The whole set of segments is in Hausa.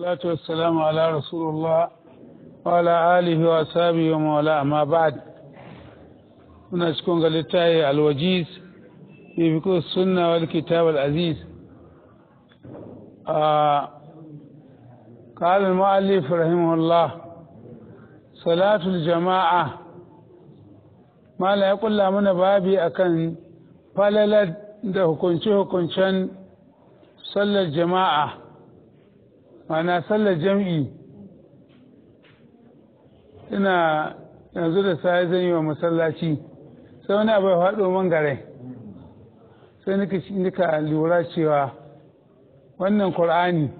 والصلاة والسلام على رسول الله وعلى آله وأصحابه ومن ما بعد tunashikon littafi alwajiz fi fiqh sunna wal kitab قال المؤلف رحمه الله صلاة الجماعة ما لا يقول لا من بابي أكن فللد ده كنشه كنشن صلى الجماعة mana sallar jam'i ina yanzu da sai zan yi wa masallaci sai wani abu ya faɗo man gare sai nika nika lura cewa wannan qur'ani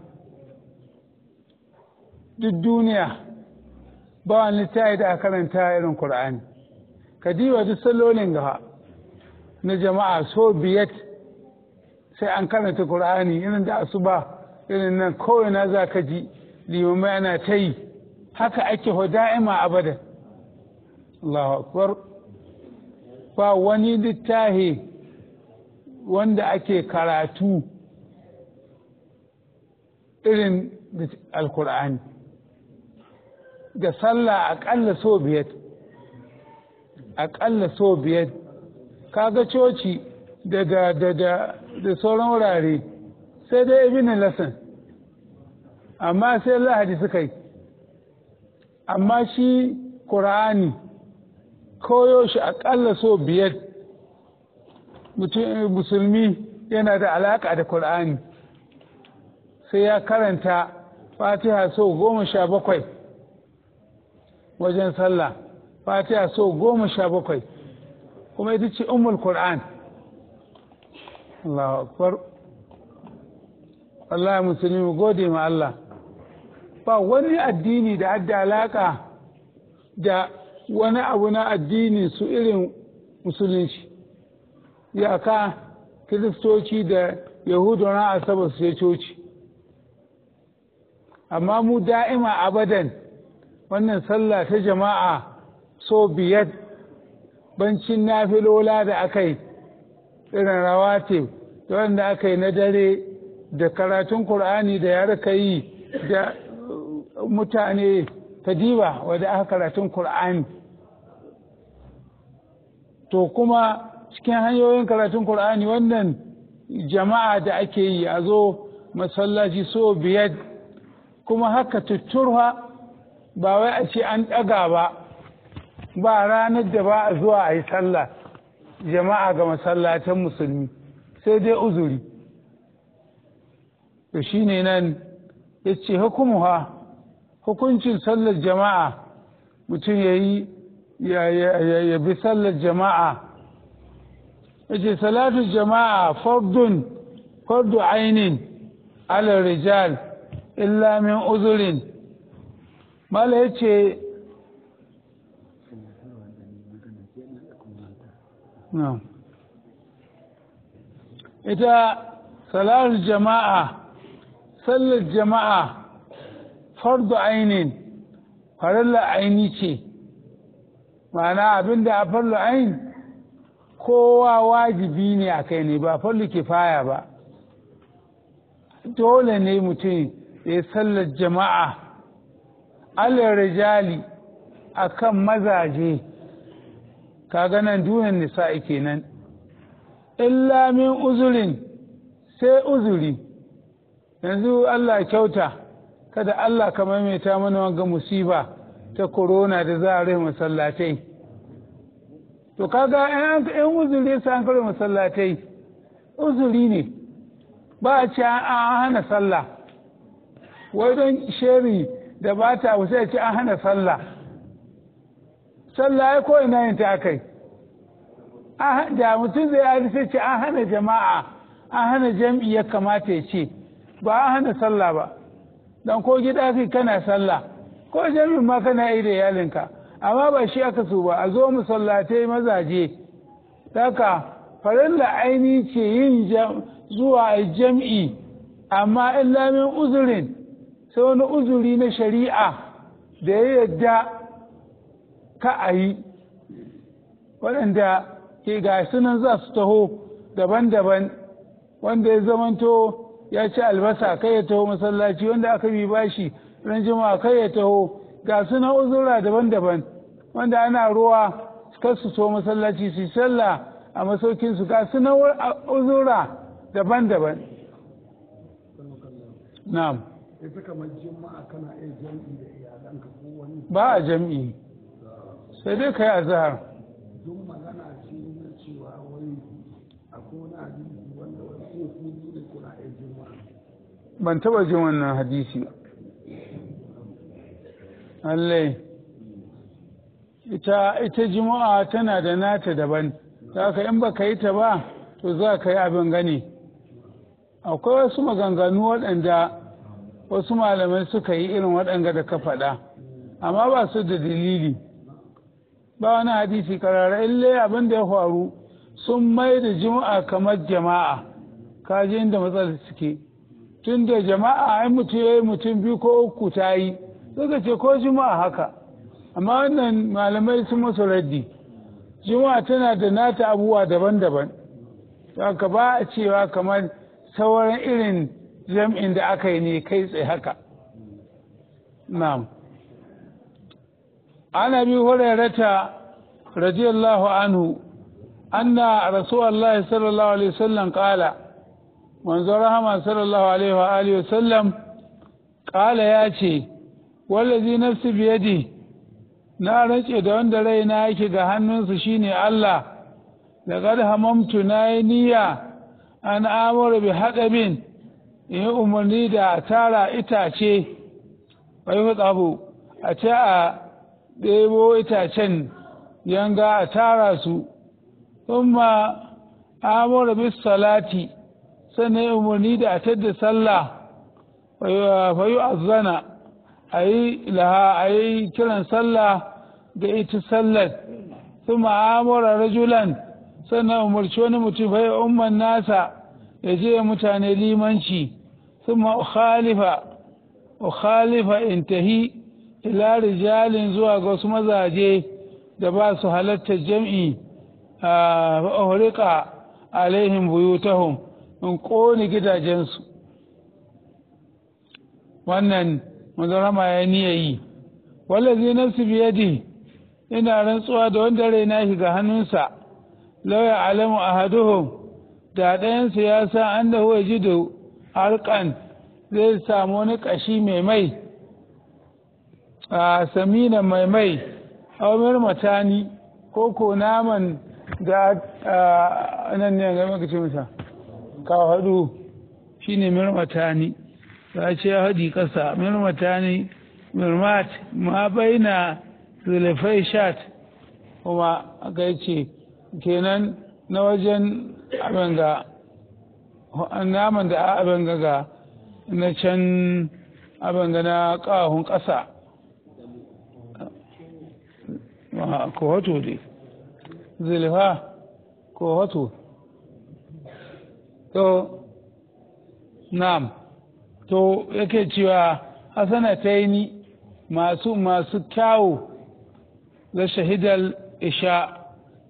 duk duniya ba wani littafi da a karanta irin qur'ani kadiwa duk sallolin gaba na jama'a so biyat sai an karanta qur'ani irin da asuba irin nan kawai na za ka ji limamai ana ta yi haka ake da'ima abadan Allahu akbar ba wani littahi wanda ake karatu irin alkur'ani da sallah aƙalla so biyar aƙalla so biyar kaga coci daga da sauran wurare sai dai ibn lasan amma sai lahadi suka yi amma shi ƙura'ani koyo shi aƙalla so biyar musulmi yana da alaƙa da ƙura'ani sai ya karanta fatiha so goma sha bakwai wajen sallah fatiha so goma sha bakwai kuma ita ce umul ƙura'an Allahu akbar wallahi musulmi mu gode ma Allah ba wani addini da hadda alaka da wani abu na addini su irin musulunci yaka kiristoci da yahudu na asabar su coci amma mu da'ima abadan wannan sallah ta jama'a so biyar bancin nafilola da aka yi irin rawatib da wanda aka yi na dare da karatun Kur'ani da ya raka yi da mutane ta diba wadda aka karatun Kur'ani. To kuma cikin hanyoyin karatun Kur'ani wannan jama'a da ake yi a zo masallaci so biyar kuma haka tutturwa ba wai a ce an ɗaga ba ba ranar da ba a zuwa a yi sallah jama'a ga masallatan musulmi sai dai uzuri. da shi ne nan ya ce hukumuwa hukuncin sallar jama'a mutum ya yi ya bi sallar jama'a ya ce salatu jama'a fardun fardu ainin ala rijal illa min uzurin mala ya ce ita salatu jama'a sallar jama'a fardu ainin farilla aini ce ma'ana abinda a farlu ain kowa wajibi ne a kai ne ba farlu kifaya ba dole ne mutum ya sallar jama'a alar rijali a kan mazaje kaga nan dunan nisa'i kenan illa min uzurin sai uzuri yanzu Allah kyauta kada Allah ka maimaita mana wanga musiba ta korona da za a rai masallatai to kaga yan uzuri sa an kare masallatai uzuri ne ba a ce an hana sallah wai don sheri da ba ta wasu ya ce an hana sallah sallah ya ko ina yin ta kai da mutum zai yi sai ce an hana jama'a an hana jam'i ya kamata ya ce ba a hana sallah ba dan ko gida kai kana sallah ko jami'in ma kana yi da iyalinka amma ba shi aka su ba a zo masallatai mazaje daga farilla aini ce yin zuwa jam'i amma illa min uzurin sai wani uzuri na shari'a da ya yadda ka a yi waɗanda ke ga sunan za su taho daban-daban wanda ya zamanto ya ci albasa kai ya taho masallaci wanda aka bi bashi ran juma'a kai ya taho ga su na uzura daban-daban wanda ana ruwa kar su so masallaci su salla a masaukin su ga su na uzura daban-daban na'am ita kamar jima'a kana iya jam'i da iyalanka ko wani ba a jam'i sai dai kai azhar ban taba jin wannan hadisi allai ita ita juma'a tana da nata daban ta ka in baka yi ta ba to za ka yi abin gani akwai wasu maganganu waɗanda wasu malamai suka yi irin waɗanda da ka faɗa amma ba su da dalili ba wani hadisi karara illai abin da ya faru sun mai da juma'a kamar jama'a ka ji inda matsalar suke tun da jama'a ai mutum ya yi mutum biyu ko uku ta yi suka ce ko juma'a haka amma wannan malamai sun masu raddi juma'a tana da nata abubuwa daban-daban haka ba a cewa kamar sauran irin jam'in da aka yi ne kai tsaye haka na'am an abi hurairata radiyallahu anhu anna rasulullahi sallallahu alaihi wasallam qala manzo rahama sallallahu alaihi wa alihi wasallam qala yace wallazi nafsi biyadi na rance da wanda raina yake ga hannunsa shine Allah da qad hamamtu nayi niyya an amuru bi haqabin in umarni da tara itace wai tsabu a ce a ɗebo itacen yanga a tara su thumma amara bis salati sannan ya umarni da a da sallah fa a laha a yi kiran sallah da ita sallar thumma amara rajulan sannan umarci wani mutum fa umman nasa ya je mutane limanci thumma ukhalifa ukhalifa intahi ila rijalin zuwa ga wasu mazaje da ba su halatta jam'i fa'urika ah, alaihim buyutahum in ƙone gidajensu wannan mazarama ya niya yi wallazi nafsi biyadi ina rantsuwa da wanda raina shi ga hannunsa lauya alamu ahaduhum da ɗayansu ya san an da huwa jido harkan zai samu wani ƙashi mai mai a ah, samina mai mai aumir matani ko ko naman Da nan ne ga maka ce masa ka hadu shine mirmata ni ta ce ya haɗi ƙasa mirmata ni mirmat ma baina zulfai shat kuma aka ce kenan na wajen abin ga naman da abin ga na can abin ga na ƙahun ƙasa ko hoto dai zilfa ko wato to na'am to yake cewa hasana ta yi ni masu masu kyawu la shahidar isha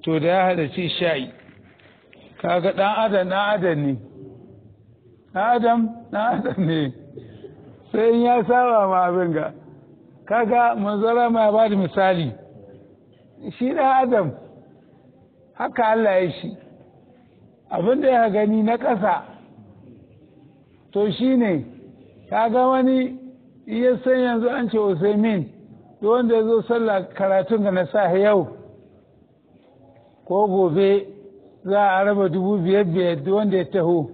to da ya halarci sha'i kaga dan adam ɗan adam ne ɗan adam ɗan adam ne sai in ya saba ma abin ga kaga manzara ma ba da misali shi dan adam haka Allah ya shi abin da ya gani na ƙasa to shi ne ga wani iya san yanzu an ce usaimin duk wanda ya zo sallah karatun ga na yau ko gobe za a raba dubu biyar biyar duk wanda ya taho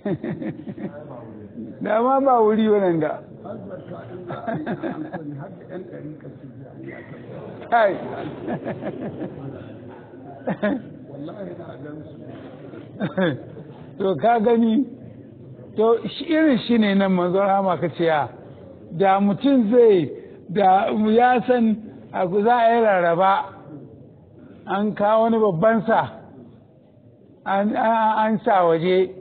da ma ba wuri wannan ga to ka gani to irin shi ne nan manzon rama ka ce da mutum zai da ya san za a yi rarraba an kawo wani babban sa an sa waje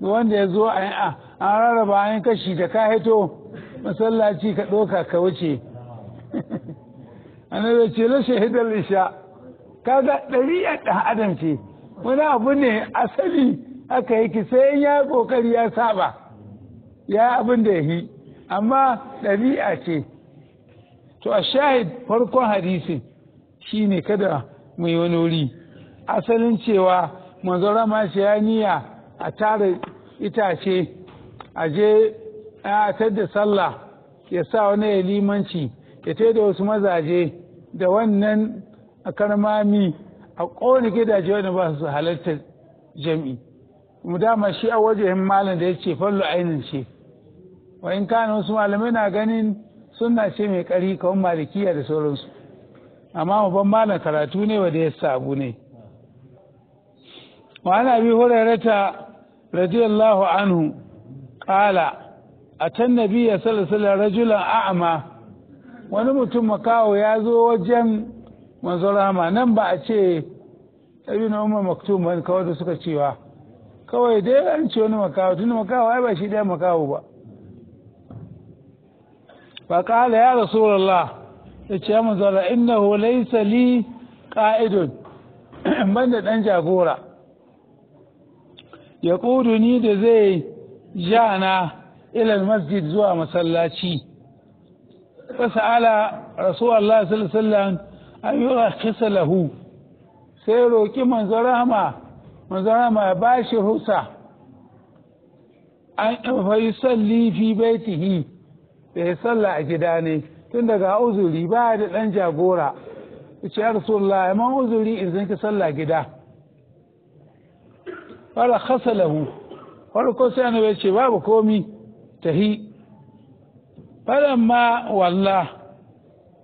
wanda ya zo an rarraba an kashi da ka haito masallaci ka ɗauka ka wuce annabi ce la shahidar isha kaga ɗari'ar ɗan adam ce wani abu ne asali aka yi sai ya ƙoƙari ya saba ya abin da yi amma ɗari'a ce to a shahid farkon hadisin shine kada mu yi wani wuri asalin cewa manzara ma ce ya niya a tara itace a je a da sallah ya sa wani ya limanci ya da wasu mazaje da wannan a karmami a ƙone gidaje wanda ba su halartar jam'i mu dama shi a wajen malam da ya ce fallo ainin ce wa in kana wasu malamai na ganin suna ce mai kari kawai malikiya da sauransu amma mu ban malam karatu ne da ya sabu ne wa ana bi hurairata radiyallahu anhu qala atan nabiyya sallallahu alaihi wasallam rajulan a'ma wani mutum makawo ya zo wajen manzon rahama nan ba a ce na umar maktum ban kawai da suka cewa kawai dai an ce wani makawo tun makawo ai ba shi dai makawo ba ba ƙala ya rasulullah yace ya manzon Allah innahu laysa li qa'idun ban da dan jagora ya ni da zai jana ila masjid zuwa masallaci fasala rasulullah sallallahu alaihi wasallam an yurakhisa lahu sai roƙi manzarama manzarama ya ba ya bashi rusa an son lifi fi baitihi da ya salla a gida ne tun daga uzuri ba da ɗan jagora ce ya rasulullah ya uzuri in zan ki salla gida fara khasa lahu farko sai annabi ce babu komi tahi ma walla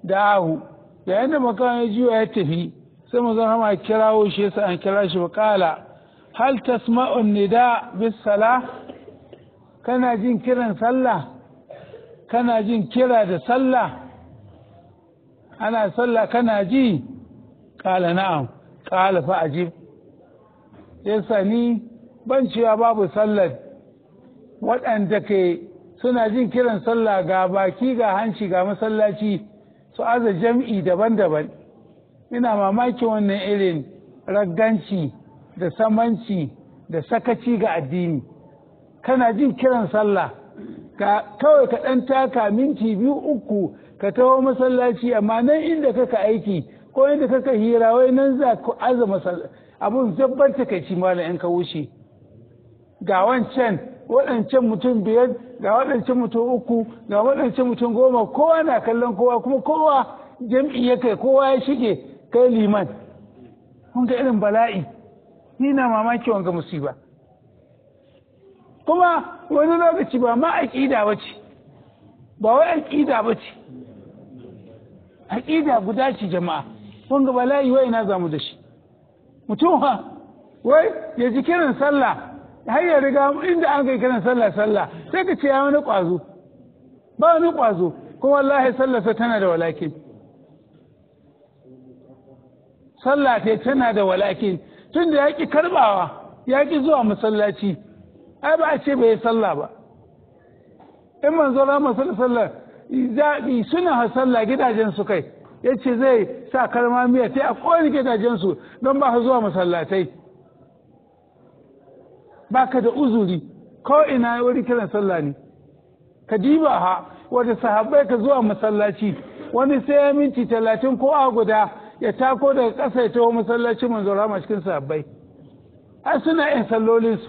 da'ahu yayin da makawan ya juya ya tafi sai mazan hama kirawo shi yasa an kira shi ba kala hal tasma'un nida bis sala kana jin kiran sallah kana jin kira da sallah ana sallah kana ji kala na'am kala fa ajib yasa ni ban cewa babu sallar waɗanda ke suna jin kiran sallah ga baki ga hanci ga masallaci su aza jam'i daban-daban ina mamaki wannan irin ragganci da samanci da sakaci ga addini kana jin kiran sallah ka kawai ka ɗan taka minti biyu uku ka taho masallaci amma nan inda kaka aiki ko inda kaka hira wai nan za ku aza abun zabbar takaici malam in ka wuce ga wancan waɗancan mutum biyar ga waɗancan mutum uku ga waɗancan mutum goma kowa na kallon kowa kuma kowa jam'i ya kai kowa ya shige kai liman kun ga irin bala'i ni na mamaki wanga musiba kuma wani lokaci ba ma aƙida ba ce ba wai aƙida ba ce aƙida guda ce jama'a kun ga bala'i wai na zamu da shi mutum ha wai ya ji kiran sallah har ya riga inda an kai kiran sallah sallah sai ka ce ya wani kwazo ba wani kwazo kuma wallahi sa tana da walakin sallah ta tana da walakin tunda yaki karbawa yaƙi zuwa masallaci ai ba a ce bai sallah ba in manzo rama sallar zaɓi suna sallah gidajen su kai yace zai sa karma miya sai a kowane gidajen su don ba su zuwa masallatai baka da uzuri ko ina wuri kiran sallah ne ka diba ha wata sahabbai ka zuwa masallaci wani sai ya minti talatin ko a guda ya tako daga ƙasa ya taho masallaci manzo rama cikin sahabbai ai suna yin sallolin su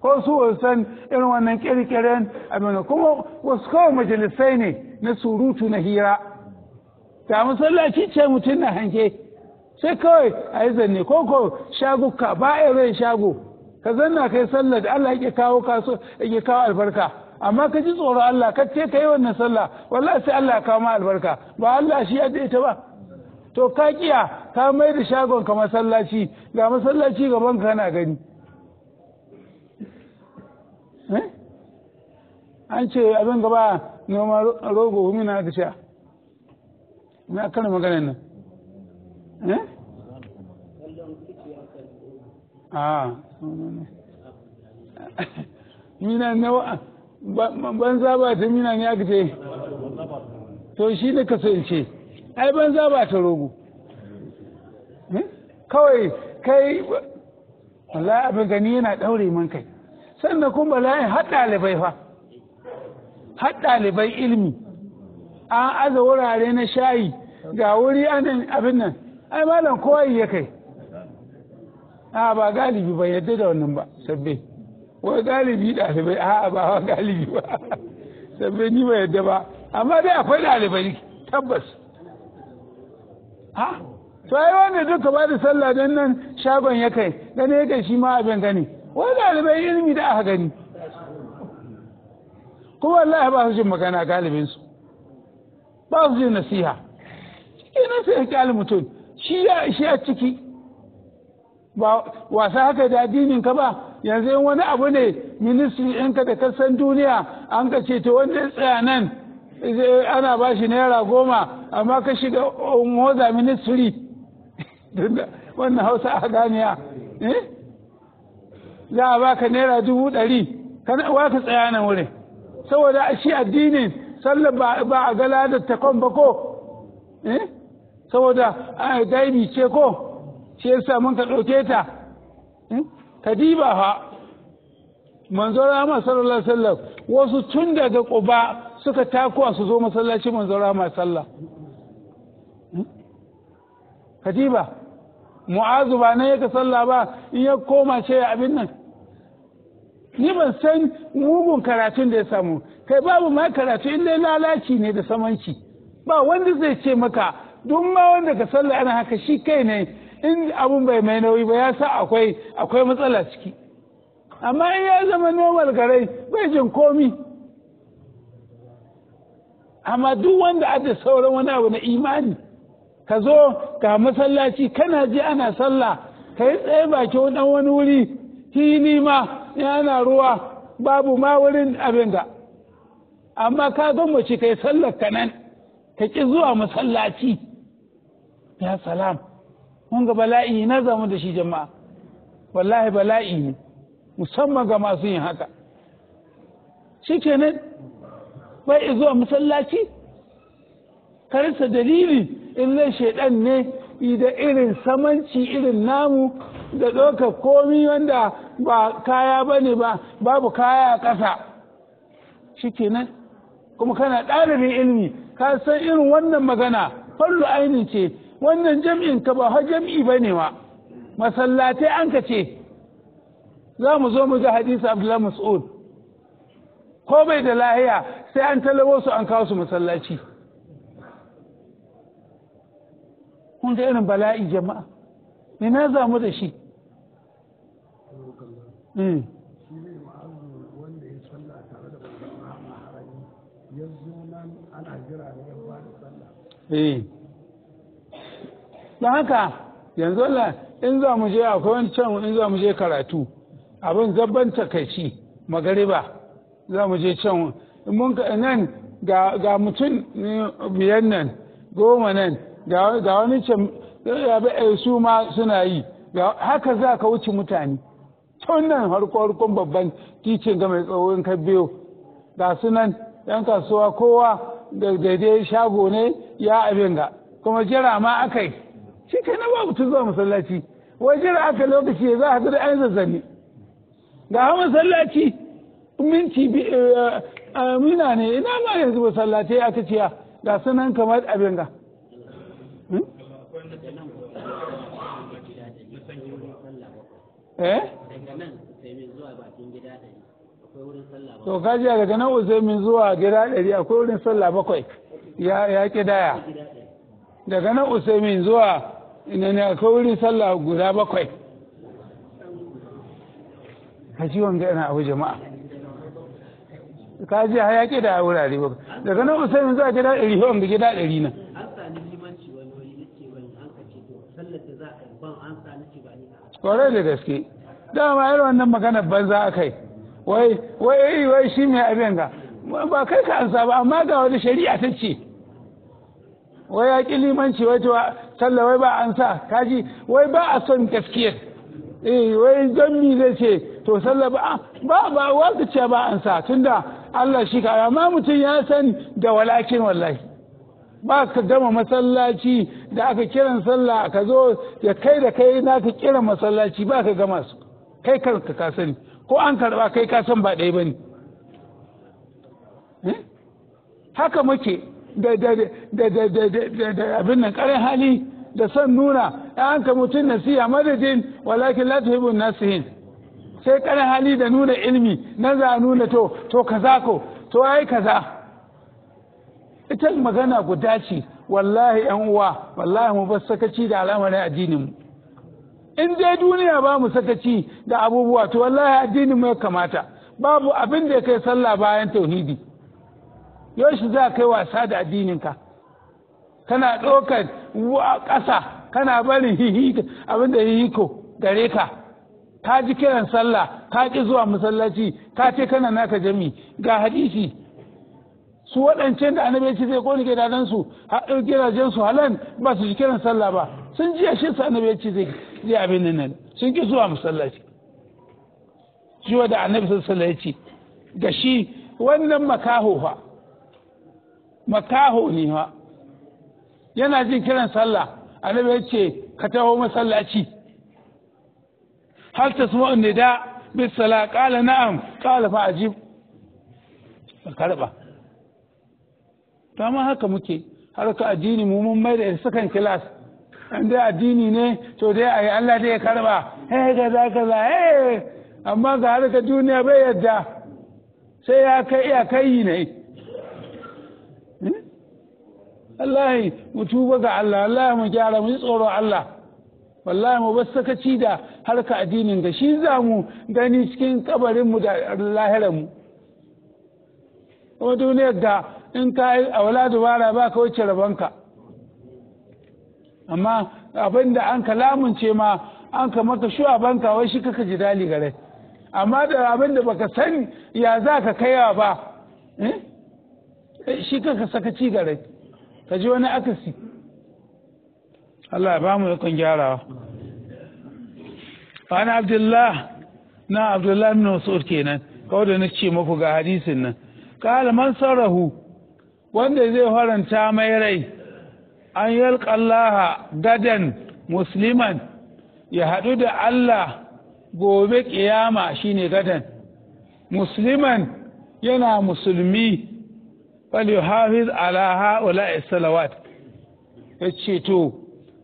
ko su san irin wannan kirkiren abin kuma wasu kawai majalisai ne na surutu na hira ta masallaci ce mutum na hanke sai kawai a yi zanne ko ko shagukka ba yi shago ka zanna kai sallah da Allah yake kawo kaso yake kawo albarka amma ka ji tsoron Allah ka ce kai wannan sallah wallahi sai Allah ya kawo ma albarka ba Allah shi ya ta ba to ka kiya ka mai da shagon ka masallaci ga masallaci gaban ka kana gani eh? an ce abin gaba noma rogo mina ka sha na kan maganar nan eh Ah, mina nawa banza ba ta mina ne aka ce to shi ne kasance ai banza ba ta rogo eh? kawai kai wallahi abin gani yana daure man kai sannan kuma bala'in har ɗalibai fa har ɗalibai ilimi an aza wurare na shayi ga wuri anan abin nan ai malam kowa ya kai a ba galibi ba yadda da wannan ba sabbe wai galibi ɗalibai a ba wa galibi ba sabbe ni ba yadda ba amma dai akwai ɗalibai tabbas ha to ai wanda duka ba da sallah dan nan shagon ya kai gane ya kai shi ma abin gani wai ɗalibai ilimi da aka gani kuma wallahi ba su jin magana galibinsu ba su jin nasiha shi na sai ya mutum shi ya ciki ba wasa haka da addinin ka ba yanzu in wani abu ne ministry ka da kasan duniya an ka ce to wanda ya tsaya nan ana ba shi naira goma amma ka shiga moza ministry wannan hausa a ganiya eh? za a baka naira dubu ɗari wa ka tsaya nan wurin saboda shi addinin sallar ba a gala da takon ba ko eh? saboda gaibi ce ko shi yasa mun ka ɗauke ta hmm? kadiba fa manzon ma sallallahu alaihi wasallam wasu tun daga quba suka takuwa su zo masallaci manzon ma sallah hmm? kadiba mu'azu ba ne yake sallah ba in ya koma ce abin nan ni ban san mugun karatun da ya samu kai babu ma karatu in dai lalaci ne da samanci ba wanda zai ce maka duk ma wanda ka sallah ana haka shi kai ne in abun bai mai nauyi ba ya sa akwai akwai matsala ciki amma in ya zama normal garai bai jin komi amma duk wanda ada sauran wani abu na imani ka zo ga masallaci kana ji ana sallah ka yi tsaye bakin dan wani wuri fili ma yana ruwa babu ma wurin abinda amma ka gan mace ka yi sallar ka nan ka ƙi zuwa masallaci ya salam Mun ga bala'i na zama da shi jama'a wallahi bala'i ne musamman ga masu yin haka shi kenan bai zuwa masallaci karsa dalili in zai shaidan ne da irin samanci irin namu da ɗaukar komi wanda ba kaya ba ne ba babu kaya a ƙasa shi kenan kuma kana ɗalibin ilmi ka san irin wannan magana fallu ainihin ce wannan jam'in ka ba har jam'i ba ne ma masallatai an ka ce za mu zo mu ga hadisi abdullahi mas'ud ko bai da lahiya sai an talabo su an kawo su masallaci kun ga irin bala'i jama'a ina za mu da shi Eh. eh. don haka yanzu Allah in za mu je akwai wani can in za mu je karatu abin zabban takaici magariba za mu je can nan ga mutum biyan nan goma nan ga wani can eh, su ma suna yi haka za ka wuce mutane tun nan harko babban titin ga mai tsawon ka biyo ga su nan yan kasuwa kowa da daidai shago ne ya abin ga kuma jira ma aka yi shi kai na babu tun zuwa masallaci waje da aka lokaci za a da an zazzani ga hawa masallaci minti eh, eh, eh, mina ne ina ma yanzu masallaci ta ciya ga sunan kamar abin ga hmm? to kaji daga nan min zuwa gida ɗari akwai wurin sallah bakwai ya ƙidaya daga nan min zuwa ina ne akwai wurin sallah guda bakwai a ji wanga yana abu jama'a ka ji hayaki da wurare ba daga nan usai yanzu a gida ɗari yawan da gida ɗari nan kwarai da gaske dama yi wannan maganar banza a kai wai wai wai shi mai abin ga ba kai ka ansa ba amma ga wani shari'a ta ce wai ya ƙi limanci wai cewa sallah wai ba an sa kaji wai ba a son gaskiyar eh wai zammi zai ce to sallah ba ah, ba ba wa ce ba an sa tunda Allah shi ka amma mutum ya san da walakin wallahi ba ka gama masallaci da aka kiran sallah ka zo ya kai da kai na ka kira masallaci ba ka gama su kai kanka ka sani ko an karba kai ka san ba ɗaya bane eh? haka muke da abin nan karin hali da son nuna ya ka mutum siya madadin walakin la na nasihin sai karin hali da nuna ilmi na za a nuna to to kaza ko to ai kaza ita magana guda ce wallahi yan uwa wallahi mu ba sakaci da al'amarin addinin mu in dai duniya ba mu sakaci da abubuwa to wallahi addinin mu ya kamata babu abin da ya kai sallah bayan tauhidi yoshi za kai wasa da addininka kana ɗaukar ƙasa kana barin hihi abinda hihiko gare ka ka ji kiran sallah ka ƙi zuwa masallaci ka ce kana naka jami ga hadisi su waɗancan da annabi ce ko ke gidajen su gidajen su halan ba su ji kiran sallah ba sun ji shi su annabi zai abin nan sun ƙi zuwa masallaci shi da annabi sallallahu alaihi ga shi wannan makaho fa makaho ne ha yana jin kiran sallah annabi ya ce ka taho masallaci hal tasma'u nida bis sala qala na'am qala fa ajib karba ta ma haka muke har ka addini mu mun mai da sakan class an dai addini ne to dai ai Allah dai ya karba eh ka za eh amma ga har ka duniya bai yadda sai ya kai ya kai ne wallahi mu tuba ga Allah wallahi mu gyara mu ji tsoro Allah wallahi mu bar sakaci da harka addinin ga shi za mu gani cikin kabarin mu da lahiran mu kuma duniyar da in ka yi a wala dubara ba ka wuce rabanka amma abin da an ka lamunce ma an ka maka shuwa banka wai shi kaka ji dali gare amma da abin da baka sani ya za ka kaiwa ba eh? shi kaka sakaci gare ka ji wani akasi Allah ba mu yakan gyarawa an abdullah na abdullah ibn mas'ud kenan kawai da nace muku ga hadisin nan qala man sarahu wanda zai faranta mai rai an Allah gadan musliman ya haɗu da Allah gobe ƙiyama shine gadan musliman yana musulmi hafiz ala ha'ula'i salawat yace to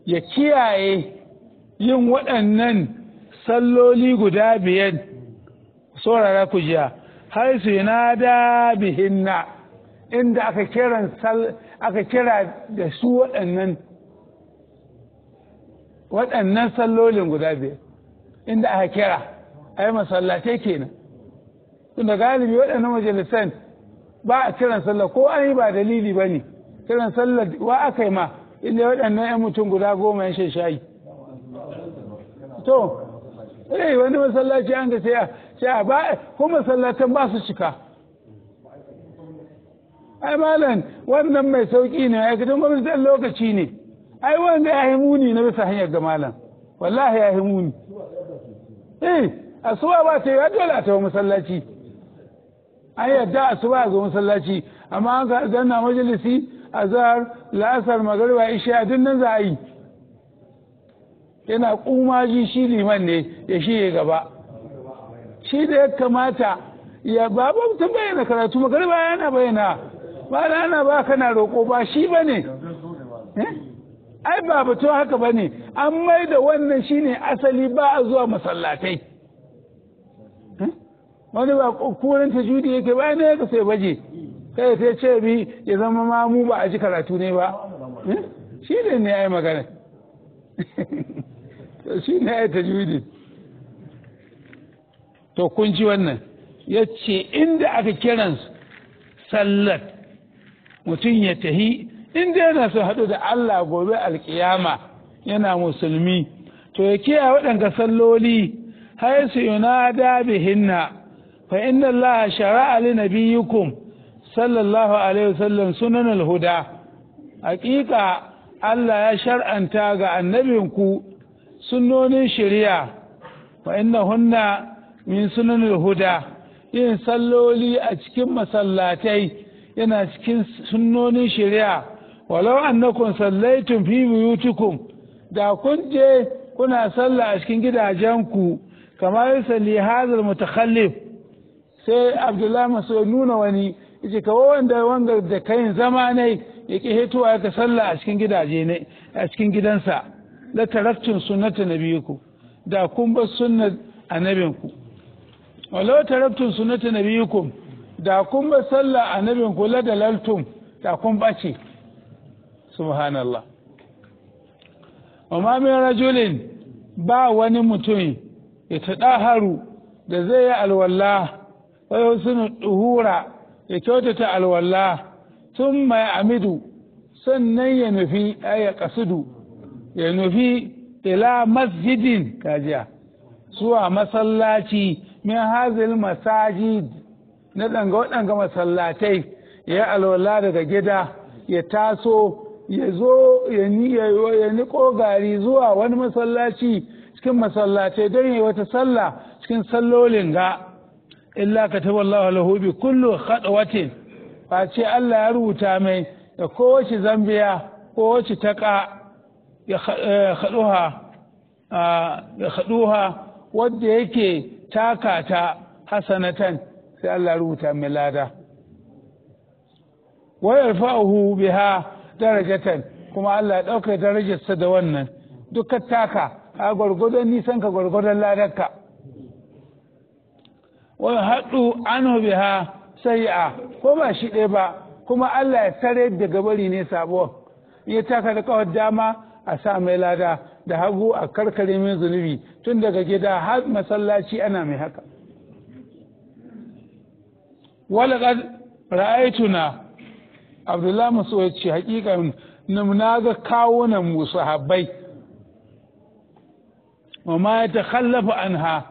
ya kiyaye yin waɗannan salloli guda biyan saurara ku jiya har su da bihinna inda aka aka kira da su waɗannan waɗannan sallolin guda biyar inda aka kira ai masallatai kenan tunda galibi waɗannan majalisan ba a kiran sallah ko an yi ba dalili ba ne kiran sallah wa aka yi ma inda waɗannan 'yan mutum guda goma ya shayi to eh wani masallaci an ga sai a ba ko masallatan ba su cika ai malam wannan mai sauki ne gidan gwamnati ɗan lokaci ne ai wanda ya muni na bisa hanyar ga malam wallahi ya muni eh asuwa ba ta yi dole a tawo masallaci an yadda asuba a zo masallaci amma an zan zanna majalisi azhar la'asar magariba ishe a nan za a yi yana kumaji shi liman ne ya shi gaba shi da ya kamata ya ba mutum bayyana karatu magariba yana bayyana ba da ana ba kana roƙo ba shi ba ne eh? ai ba batun haka ba ne an mai da wannan shine asali ba a zuwa masallatai wani ba kurin ta judi yake ba ne ka sai baje kai sai ce bi ya zama ma mu ba a ji karatu ne ba hmm? shi ne ne yi magana shi ne yi ta judi to kun ji wannan ya ce inda aka kiran sallat mutum ya tahi inda yana so haɗu da Allah gobe alkiyama yana musulmi to ya kiyaye waɗanda salloli har su yunada bihinna fa inna allaha shara'a li nabiyikum sallallahu alaihi wasallam sunan alhuda. haqiqa Allah ya shar'anta ga annabinku sunnonin shari'a fa innahunna min sunan alhuda. yin salloli a cikin masallatai yana cikin sunnonin shari'a walau annakum sallaitum fi buyutikum da kun je kuna sallah a cikin gidajenku kamar salli hazal mutakhallif sai abdullahi maso nuna wani yace ka wanda wanga da kayin zama ne ya hetuwa hituwa ka sallah a cikin gidaje ne a cikin gidansa la taraktun sunnata nabiyiku da kun bar sunnar annabinku walau taraktun sunnata ku da kun bar sallah annabinku la dalaltum da kun bace subhanallah wa min rajulin ba wani mutum ya haru da zai yi alwala wa yusirin ya kyautata alwala tun mai amidu sannan ya nufi ya kasudu ya nufi ila masjidin kajiya zuwa masallaci min hazil masajid na ɗanga waɗanga masallatai ya alwala daga gida ya taso ya zo ya niƙo gari zuwa wani masallaci cikin masallatai don yi wata sallah cikin sallolin ga illa ka kataba Allah lahu bi kullu khadwatin face Allah ya rubuta mai da kowace zambiya kowace taqa ya haɗuha eh, ah, ya khaduha wanda yake taka ta hasanatan sai Allah ya rubuta mai lada wayar yarfa'uhu biha darajatan kuma Allah ya ɗauka darajarsa da wannan dukkan taka a gwargwadon nisan ka gwargwadon ladarka wa haɗu ha sai a ko ba shi ɗaya ba kuma Allah ya tare daga bari ne sabo ya taka da kawar dama a sa mai lada da hagu a karkare mai zunubi tun daga gida har masallaci ana mai haka walaqad na Abdullahi Mas'ud ce hakika na ga kawunan musu habai wa ma ya takhallafu anha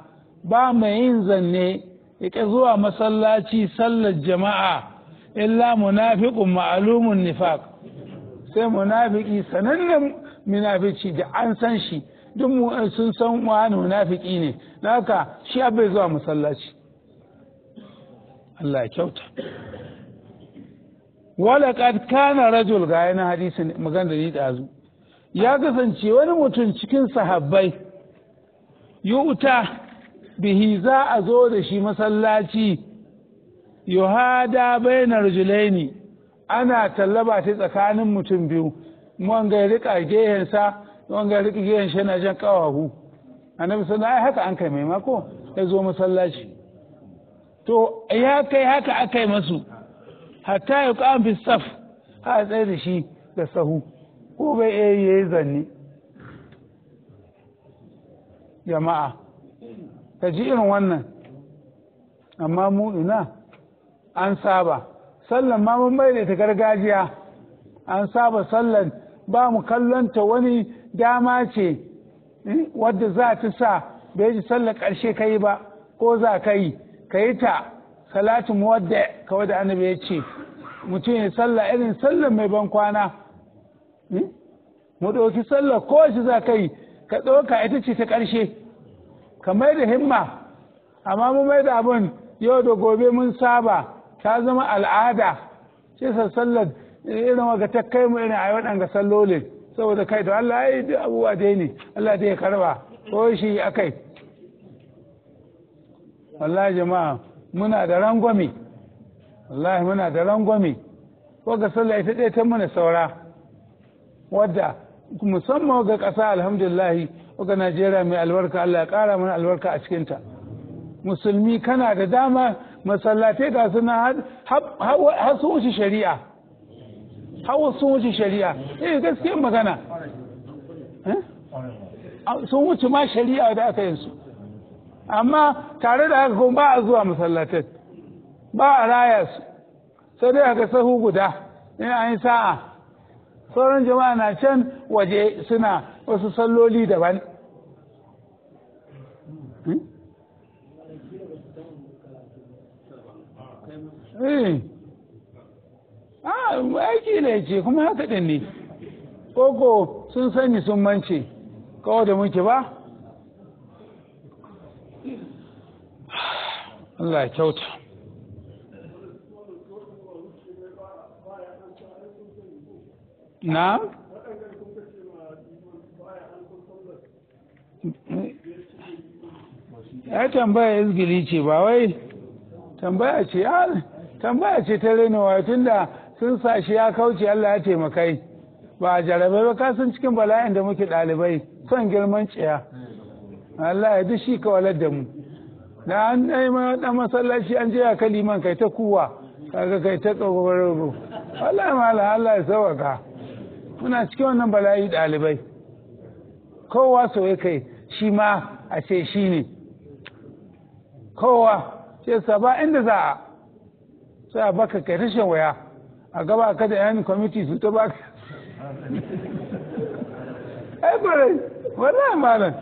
ba mai yin zanne yake zuwa masallaci sallar jama'a illa munafiqun ma'lumun nifaq sai munafiki sanannen munafici da an san shi duk sun san wani munafiki ne haka shi bai zuwa masallaci Allah ya kyauta wala kad kana rajul ga yana hadisin magana da ni dazu ya kasance wani mutum cikin sahabbai yu'ta bihi za a zo da shi masallaci yuhada bainar rajulaini ana tallaba ta tsakanin mutum biyu wanga ya rika gehensa wanga ya rika gehen shi yana jan kawahu annabi sallallahu alaihi haka an kai mai mako ya zo masallaci to ya kai haka aka yi masu hatta ya kwan fi saf ha tsaye da shi da sahu ko bai yayi zanni jama'a ta ji irin wannan amma mu ina an saba sallan ma mun bai da ta gargajiya an saba sallan ba mu kallonta wani dama ce eh, wadda za ta sa bai ji sallar ƙarshe ka yi ba ko za ka yi ka yi ta salatu wadda kawai da annabi ya ce mutum ya sallah irin sallar mai ban kwana eh, mu ɗauki sallar ko shi za ka yi ka ɗauka ita ce ta ƙarshe ka mai da himma amma mu mai da abin yau da gobe mun saba ta zama al'ada sai sallar irin waga ta kai mu irin a waɗanga sallolin saboda kai to Allah ya yi abubuwa dai ne Allah dai ya karba ko shi a kai wallahi jama'a muna da rangwame wallahi muna da rangwame waga sallar ita ɗaya ta mana saura wadda musamman ga ƙasa alhamdulillahi ga Najeriya mai albarka Allah ya ƙara mana albarka a cikinta musulmi kana da dama masallatai ga suna har sun wuce shari'a har sun wuce shari'a eh gaskiya magana eh? Ah, sun wuce ma shari'a da aka yin su amma tare da haka kuma ba a zuwa masallatai ba a raya su sai dai aka sahu guda ina an yi sa'a sauran jama'a na can waje suna wasu salloli daban hmm? eh. ah, aiki ne ce kuma haka ɗin ne koko sun sani sun mance kawo da muke ba Allah ya kyauta na ya tambaya izgili ce ba wai tambaya ce tambaya ce ta renawa tunda sun sa shi ya kauce Allah ya taimakai ba a jarabai ba ka kasan cikin bala'in da muke ɗalibai son girman ciya Allah ya duk shi kawalar da mu da an ɗai ma ɗan masallaci an je a kaliman kai ta kuwa kaga kai ta tsogoro Allah ya mala Allah ya sauwaka muna cikin wannan bala'i ɗalibai kowa soye kai shi ma a ce shi ne kowa ce sa inda za a sai a baka kai rashin waya a gaba ka da yan kwamiti su ta baka ai bare wallahi malam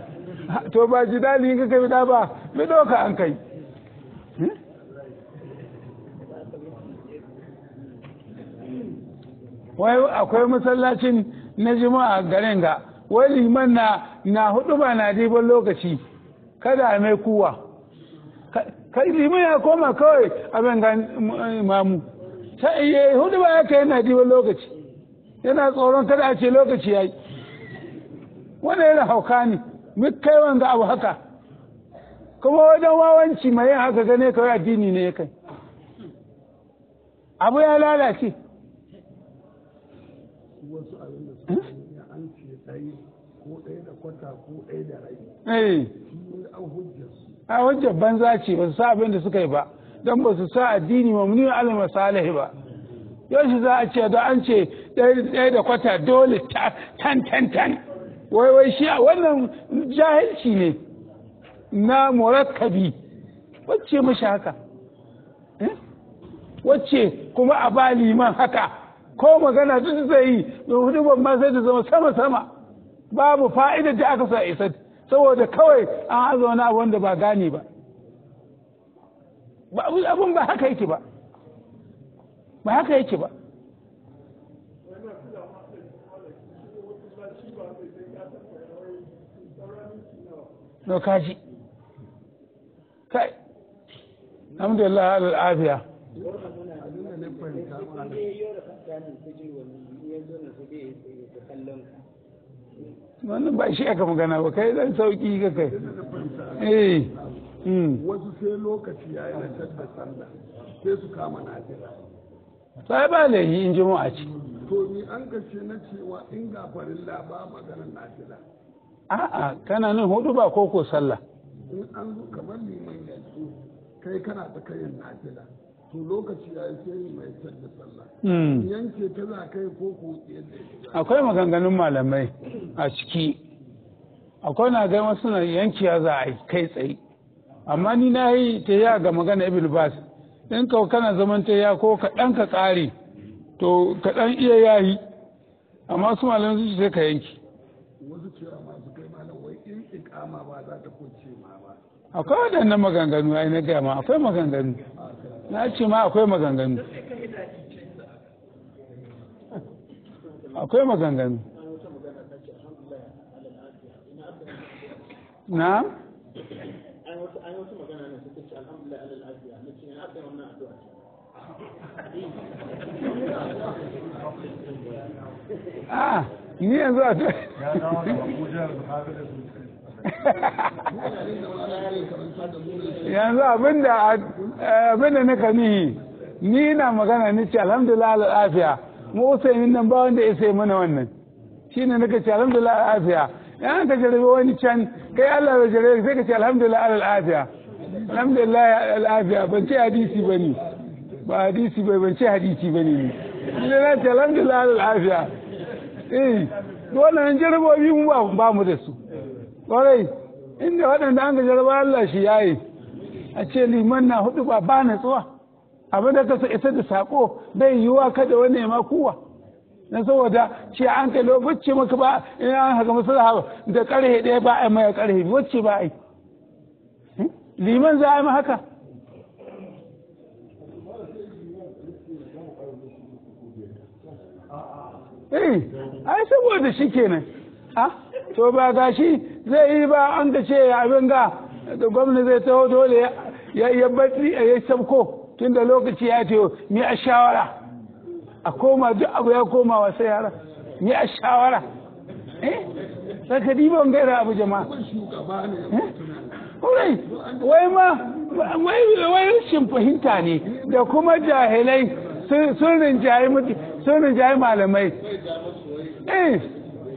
to ba ji dali ka kai da ba an kai hmm? wai akwai masallacin na jima'a garin ga wai liman na na hudu ba na diban lokaci kada mai kuwa kai liman ya koma kawai abin ga imamu mm, mm, sai hudu ba ya kai na diban lokaci yana tsoron kada a ce lokaci yayi wannan yana hauka ne mu kai wanda abu haka kuma wajen wawanci mai yin haka gane kawai addini ne ya kai abu ya lalace wasu abin da suka eh? an ce ɗaya ko ɗaya da kwata ko ɗaya da rai. Eh. A hujjar banza ce ba su sa abin da suka yi ba don ba su sa addini mamnun alal ba. Yaushe za a ce don an ce ɗaya da kwata dole tantantan. tan Wai wai shi a wannan jahilci ne na murakkabi. Wacce mashi haka? Eh? Wacce kuma a ba liman haka? ko magana duk zai yi hudubar ma sai da zama sama sama babu fa'ida da aka sa isa saboda kawai an azo wani abu wanda ba gane ba abun ba haka yake ba ba haka yake ba no kaji kai alhamdulillah al'afiya wani ya zo na kallon ka wannan ba shi aka magana ba kai zan sauki ga kai eh hmm. wasu sai lokaci ya yi da sallah sai su kama jira. sai ba yi in a ci. to ni an gashe na cewa in ga farin ba maganar najira a'a kana nan hudu ba ko ko sallah in an zo kamar liman yanzu kai kana ta kayan jira. to lokaci ya yi sai mai da sallah hmm. yanke ta za kai ko ko akwai maganganun malamai a ciki akwai na gai wasu na ya za a kai tsaye amma ni na yi ta ya ga magana ibn bas in ka kana zaman ta ya ko ka ka ƙare, to ka dan iya yi. amma su malamai sun sai ka yanki wasu cewa masu kai malam wai in ikama ba za ta ma ba akwai waɗannan maganganu ai na gama akwai maganganu na ce ma akwai maganganu akwai maganganu na a ah, ni yanzu a yanzu abinda abinda nika nihi ni na magana ni ce alhamdulillah lafiya mu usaimin nan ba wanda ya sai mana wannan shi shine nika ce alhamdulillah lafiya yan ka jarabe wani can kai Allah bai jarabe sai ka ce alhamdulillah lafiya alhamdulillah lafiya ban ce hadisi bane ba hadisi bai ban ce hadisi bane ni ni na ce alhamdulillah lafiya eh wannan jarabe mu ba mu da su kwarai inda waɗanda an gajar ba Allah shi ya yi a ce liman na hudu ba ba natsuwa abin da ka isa da sako bai yiwuwa kada wani ma kuwa na saboda ce an kai lokaci maka ba in an haka maslaha da karhe ɗaya ba a mai karhe wacce ba a hmm? liman za a yi ma haka eh ai saboda shi kenan ah to ba gashi zai yi ba an da ce abin ga gwamna zai taho dole ya batsi yi sabko tun da lokaci ya ce ni a shawara a koma duk abu ya koma wa yara ni a shawara eh saka diban gaira abu jama'a kurai eh? wai ma wai rashin fahimta ne da kuma jahilai sun rinjaye malamai eh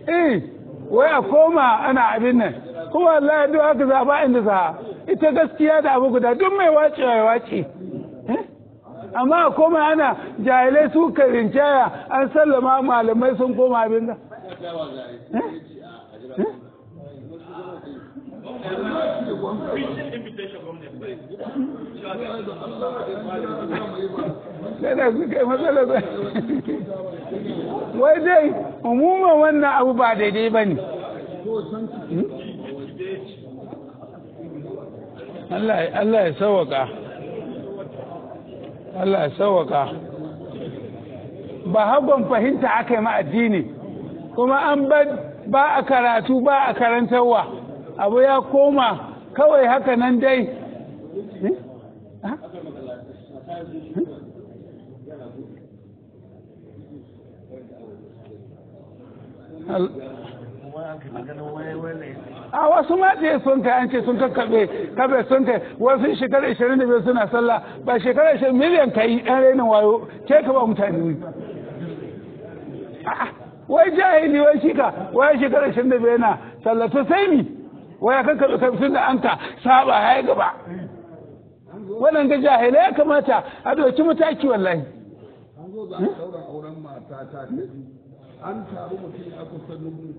eh wai a koma ana abin nan kuma Allah ya duk aka zaba inda sa ita gaskiya da abu guda duk mai wace ya wace eh? amma a koma ana jahilai su karincaya an sallama malamai sun koma abin nan eh? Eh? kada su kai matsala ba wai dai umuman wannan abu ba daidai ba ne Allah ya sawaka Allah ya sawaka ba haɓon fahimta aka yi addini kuma an ba a karatu ba a karantarwa abu ya koma kawai haka nan dai a wasu mace sun kai an ce sun kakkaɓe kabe sun kai wasu shekarar biyu suna sallah ba shekarar ishirin miliyan kai ɗan rainin wayo ke ka ba mutane ne. wai jahili wai shi ka wai shekarar 25 na sallatu sai mi wai ya kakkaɓe kafin da an ka saba ya gaba wannan ga jahilai ya kamata a ɗauki mataki wallahi an zo za a ɗaura auren mata ta an taru mutum ya kusa dubu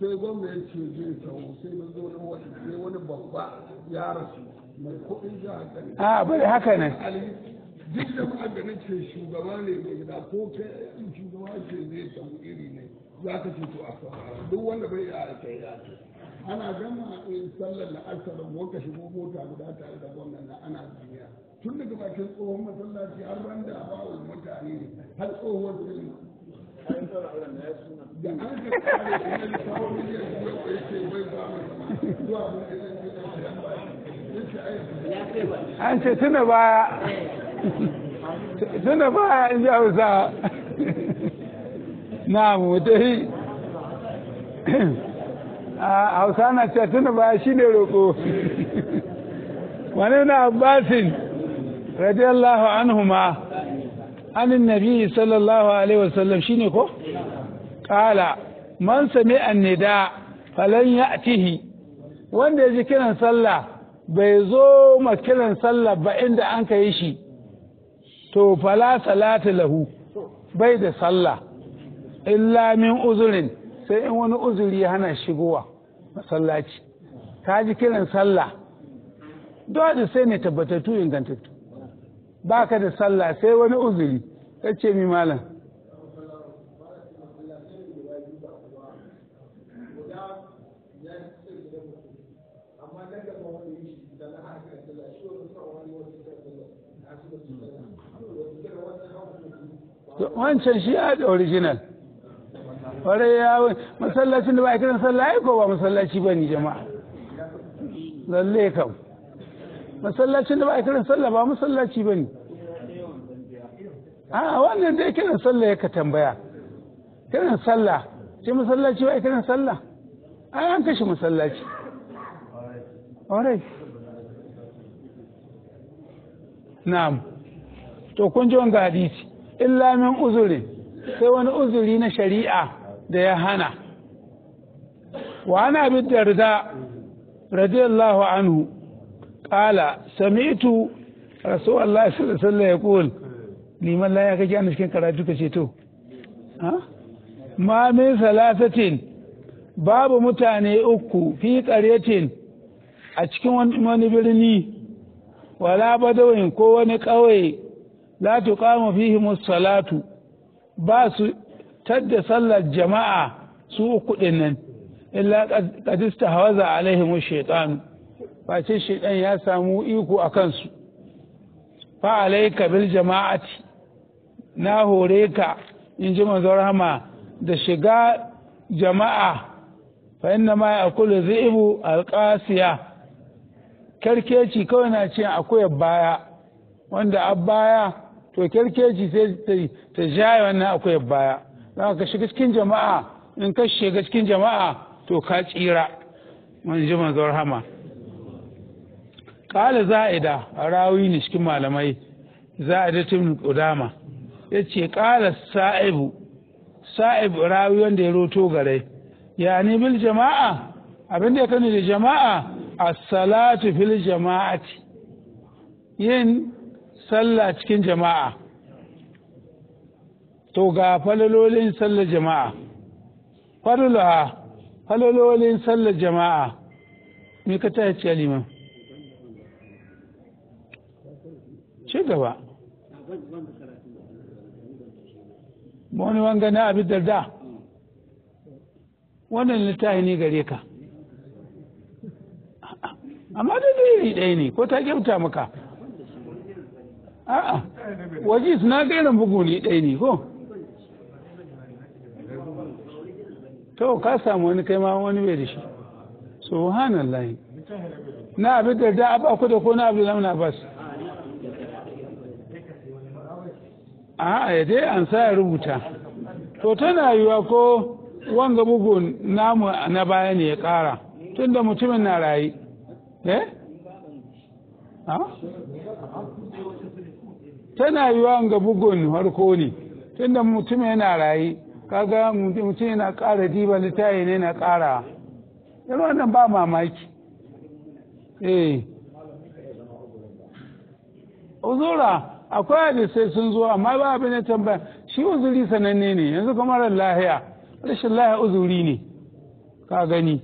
sai gwamna ya ce zai sau sai na zo na wani sai wani babba ya rasu mai kuɗin jiha gari a bari haka ne duk da ba da nake shugaba ne mai gida ko kai shugaba ce zai sau iri ne za ka ce to a duk wanda bai yi a sai ya ce ana gama in sallar da asabar wata shigo mota guda tare da gwamnan na ana duniya tun daga bakin tsohon masallaci har ban da bawon mutane ne har tsohon sirri da an ka kare shi ne da kawo miliyan biyar kai ce wai ba mu zuwa mun da zai ji da an ce tuna baya tuna baya in ji hausa na mu dai a hausa na ce tuna ba shi ne roƙo wani na abbasin radiyallahu anhuma anin nabi sallallahu alaihi wasallam shi ne ko ƙala man sami annida falan ya atihi wanda ya ji kiran sallah bai zo ma kiran sallah ba inda an ka yi shi to fala salata lahu bai da sallah illa min uzurin sai in wani uzuri ya hana shigowa masallaci ka ji kiran sallah dole sai ne tabbatattu ingantattu ba ka da sallah sai wani uzuri ka ce mi malam wancan shi a original kwarai ya masallacin da ba a kiran sallah ai ko ba masallaci ba ni jama'a lalle kam masallacin da ba a kiran sallah ba masallaci ba ne a wannan dai kiran sallah yaka tambaya kiran sallah sai masallaci ba a kiran sallah a an kashe masallaci na'am to kun ji wanga hadisi illa min uzuri sai wani uzuri na shari'a da ya hana wa ana bi darda radiyallahu anhu qala sami'tu rasulullahi sallallahu alaihi wasallam yaqul liman la yake ana cikin karatu kace to ma min salatatin babu mutane uku fi qaryatin a cikin wani birni wala badawin ko wani ƙauye la tuqamu fihi salatu ba su tadda sallar jama'a su uku nan illa qadista hawaza alaihim shaytan face shaytan ya samu iko a kansu fa alayka bil jama'ati na hore ka in ji rahama da shiga jama'a fa inna ma yaqulu dhi'bu alqasiya kerkeci kawai na ce akwai baya wanda a baya to kerkeci sai ta jaye wannan akwai baya za ka shiga cikin jama'a in ka shiga cikin jama'a to ka tsira man ji manzo rahama qala za'ida rawi ne cikin malamai za'ida tun qudama yace qala sa'ibu sa'ib rawi wanda ya roto gare Ya ne bil jama'a abin da ya kani da jama'a as-salatu fil jama'ati yin sallah cikin jama'a to ga falalolin sallar jama'a falalaha falalolin sallar jama'a me ka ta ce liman ce gaba wani wanga na abin darda wannan littafi ne gare ka amma da iri ɗaya ne ko ta kyauta maka a'a waje suna gairan bugu ne ɗaya ne ko to ka samu wani kai ma wani bai da shi subhanallahi na abin da da abu da ko na abu da bas. a ya dai an sa ya rubuta to tana yiwa ko wanga bugun namu na baya ne ya kara tunda mutumin na rayu eh tana yiwa wanga bugun harko ne tunda mutumin na rayu kaga mutum yana ƙara diba littafi ne na ƙara yana wannan ba mamaki eh uzura akwai hadisai sun zo amma ba abin da tambaya shi uzuri sananne ne yanzu kuma ran lahiya rashin lahiya uzuri ne ka gani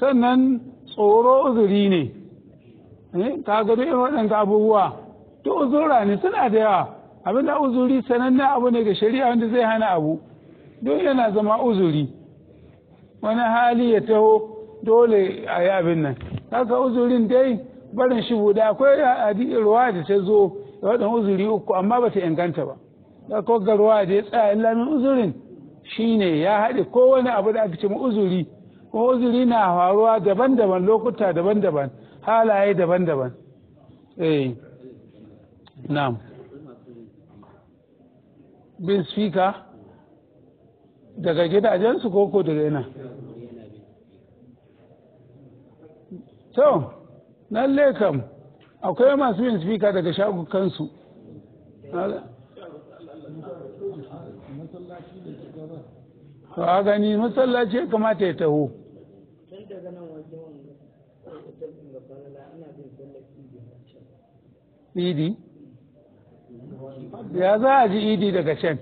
sannan tsoro uzuri ne eh, ka gani irin waɗanda abubuwa to uzura ne suna da yawa abin da uzuri sananne abu ne ga shari'a wanda zai hana abu duk yana zama uzuri wani hali ya taho dole a yi abin nan haka uzurin dai barin shi buɗe akwai ruwa da ta zo da waɗan uzuri uku amma ba ta inganta ba da kogar ruwa da ya tsaya lamin uzurin shine ya haɗe kowane abu da aka ce ma uzuri ko uzuri na faruwa daban-daban lokuta daban-daban halaye daban-daban eh. bin speaker daga gidajensu ko ko daga ina to lalle kam akwai masu yin spika daga kansu. to a gani masallaci ya kamata ya taho idi ya za a ji idi daga can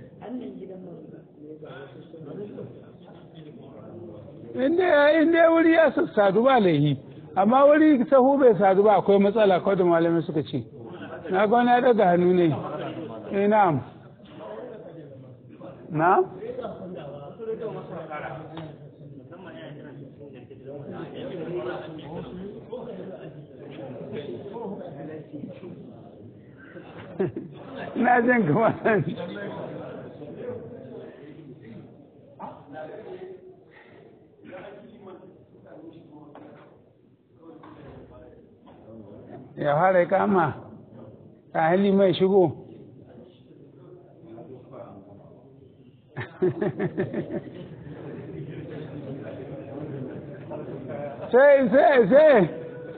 in dai wuri ya sadu ba laihi amma wuri sahu bai sadu ba akwai matsala ko da malamai suka ce na ga wani ya daga hannu ne ina eh, na. na jin kuma ya fara kama ta hali mai shigo sai sai sai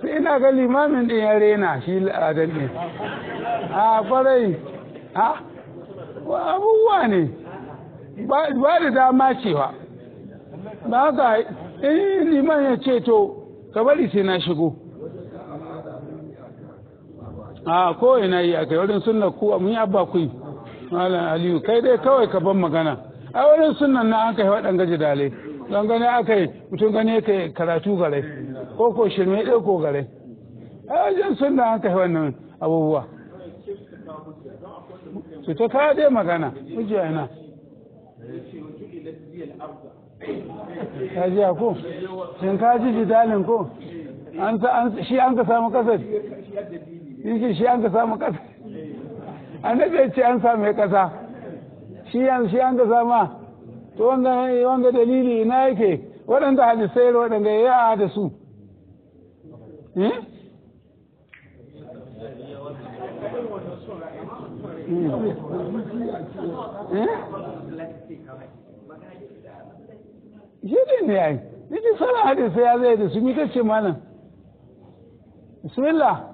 sai ina ga limamin din ya rena shi ladan ne a kwarai ha abubuwa ne ba da dama cewa ba haka in liman ya ce to ka bari sai na shigo a ko ina yi a wurin sunna ku mun yi abba ku malam aliyu kai dai kawai ka ban magana a wurin sunnan na an kai waɗanga jidale don gani aka yi mutum gani ka karatu gare ko ko shirme ɗai ko gare a wajen sunna an kai wannan abubuwa su ta kawo dai magana hujja ina ta ji ko shin ka ji jidalin ko shi an ka samu kasar yake shi an ka samu ƙasa annabi ya ce an samu ya ƙasa shi an shi an ka sama to wanda dalili na yake waɗanda hadisai waɗanda ya da su hmm? Hmm? shi ne ne ya yi nijin sana hadisai ya zai da su mita ce malam bismillah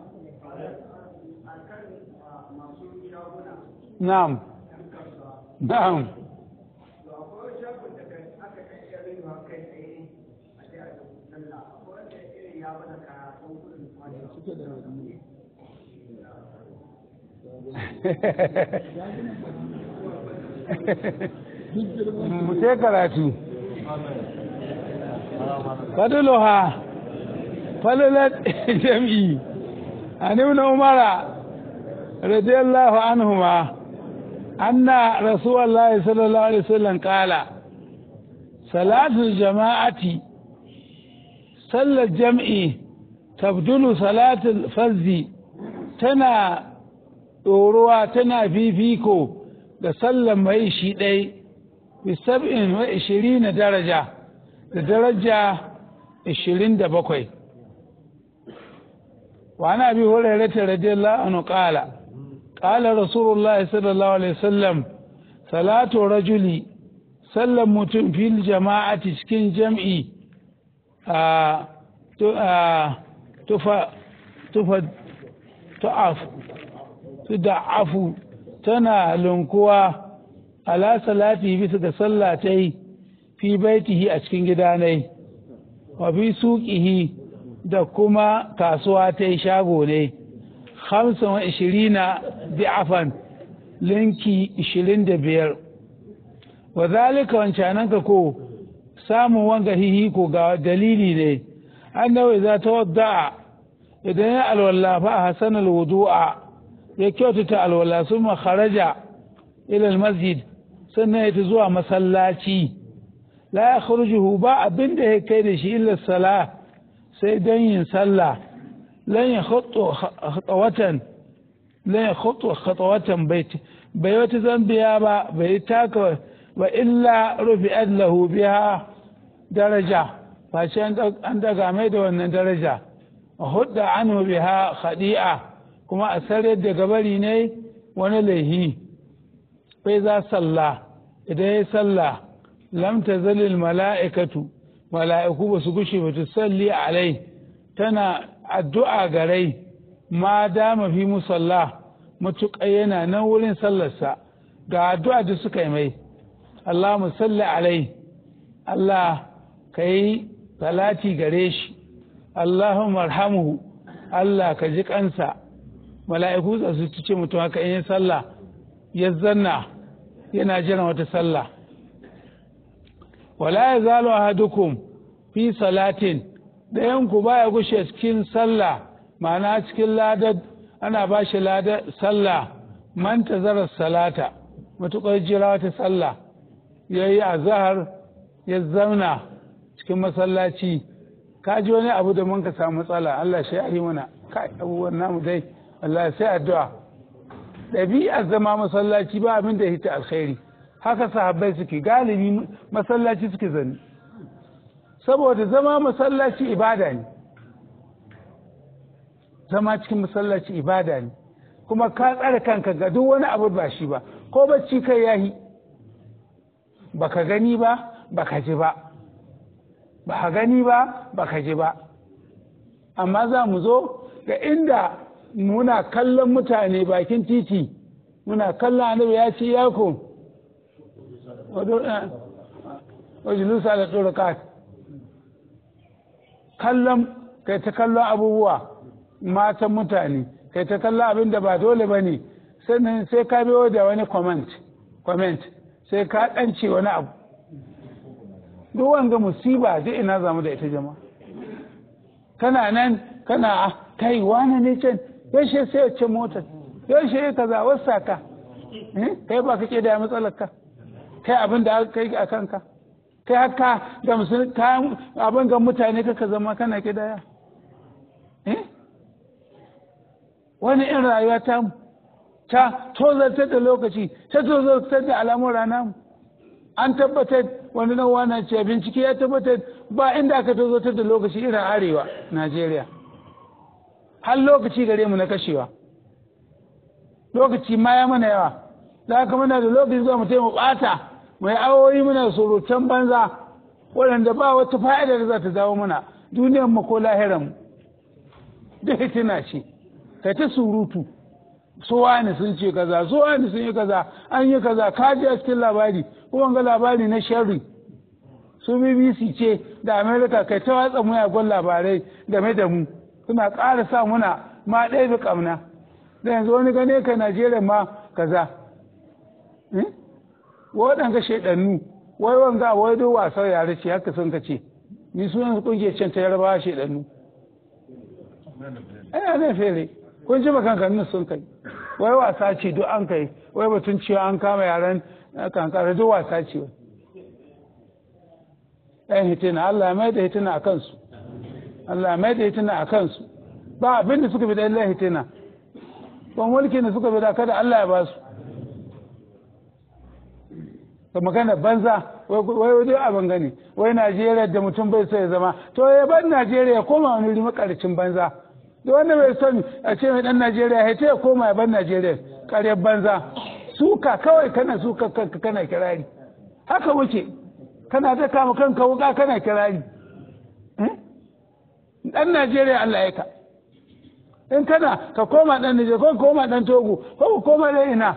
na'am na'am Mutai karatu faduluha fadulat jam'i an ibn umara radiyallahu ma. أن رسول الله صلى الله عليه وسلم قال صلاة الجماعة صلى الجمع تبدل صلاة الفرد تنا ɗorowa tana fifiko da sallan mai shi ɗai bisab'in wa ishirin na daraja da daraja ishirin da bakwai wa na bi hurairar radiyallahu anhu qala qala rasulullahi sallallahu alaihi wasallam salatu rajuli sallan mutum fil jama'ati cikin jam'i a tufa tana lunkuwa ala salati bisa ga sallah ta yi fi baitihi a cikin gidanai wa fi suƙihi da kuma kasuwa ta yi shago ne hamsin wa ishirina linki ishirin da biyar wa zalika ko samun wanga hihi ko ga dalili ne annabi za ta wadda idan ya alwala fa hasan alwudu'a ya kyautata alwala summa kharaja ila masjid sannan ya zuwa masallaci la yakhrujuhu ba abinda ya kai da shi illa sala sai dan yin sallah لن يخطو خطوة لن يخطو خطوة بيت بيوت زنبيا با بيتاك وإلا رفعت له بها درجة فعشان أنت تقامي وأن درجة وخد عنه بها خديئة كما أسرد قبليني ونليه فإذا صلى إذا صلى لم تزل الملائكة ملائكة بسكشفة su عليه تنا addu'a garai ma dama fi musalla matuƙa yana nan wurin sallarsa ga addu'a da suka yi mai Allah musalli alai Allah ka yi talati gare shi Allahumma marhamu Allah ka ji kansa mala'iku su su ce mutum haka in yi sallah ya zanna yana jiran wata sallah wala ya zalo ahadukum fi salatin ɗayan ku baya gushe cikin sallah ma'ana cikin ladar ana ba shi ladar sallah man zarar salata matuƙar jira wata sallah ya yi azahar ya zauna cikin masallaci ka ji wani abu da mun ka samu matsala Allah shi yi mana kai abubuwan namu dai Allah sai addu'a ɗabi'ar zama masallaci ba abin da hita alkhairi haka sahabbai suke galibi masallaci suke zani saboda zama masallaci ibada ne zama cikin masallaci ibada ne kuma ka tsare kanka ga duk wani abu ba shi ba ko bacci kai yahi baka gani ba baka ji ba Ba ka gani ba baka ji ba amma za mu zo da inda muna kallon mutane bakin titi muna kallon annabi ya ce yako wajulusa eh, da tsoron kallon kai ta kallon abubuwa matan mutane kai ta kallon abin da ba dole ba ne sannan sai ka biyo da wani comment sai ka ɗance wani abu duk wanga musiba zai ina zamu da ita jama'a kana nan kana ah, kai wani ne can yaushe sai ya ce motar yaushe ya kaza wasa ka eh, kai ba kake da matsalar ka kai abin da aka kai a kanka kai haka da musulun abin ga mutane kaka zama kana kidaya eh? wani irin rayuwa ta mu ta tozartar da lokaci ta tozartar da alamun rana mu an tabbatar wani nan wana ce bincike ya tabbatar ba inda aka tozartar da lokaci irin arewa najeriya har lokaci gare mu na kashewa lokaci ma ya mana yawa da haka muna da lokaci zuwa mu taimaka ɓata. mai awoyi muna surutan banza waɗanda ba wata fa'idar da za ta dawo mana duniyar mu ko lahiran mu da hitina ce ta ta surutu Su Wani sun ce kaza Su Wani sun yi kaza an yi kaza ka ji a cikin labari kuma ga labari na sharri su bbc ce da america kai ta watsa muyagun labarai game da mu suna ƙara sa muna ma ɗaya da ƙamna da yanzu wani gane ka najeriya ma kaza eh? waɗanga shaidannu wai wanga wai do wasar yare ce haka sun ka ce ni sunan su kungiyar can ta yarbawa shaidannu ai zai fere kun ji makankanin sun kai wai wasa ce duk an kai wai batun cewa an kama yaren kankara duk wasa ce wai ɗan hitina Allah mai da hitina a kansu Allah mai da hitina a kansu ba abin da suka bi ɗan Allah hitina ban mulki da suka bi da kada Allah ya ba su ka magana banza wai wani abin gani wai najeriya da mutum bai so ya zama to ya ban najeriya ya koma wani rima karcin banza da wanda bai son a ce mai dan najeriya ya ya koma ya ban najeriya karyar banza suka kawai kana suka kanka kana kirari haka wuce kana ta kama kanka wuka kana kirari dan hmm? najeriya allah ya ka in kana ka koma dan najeriya ko koma dan togo ko koma dai ina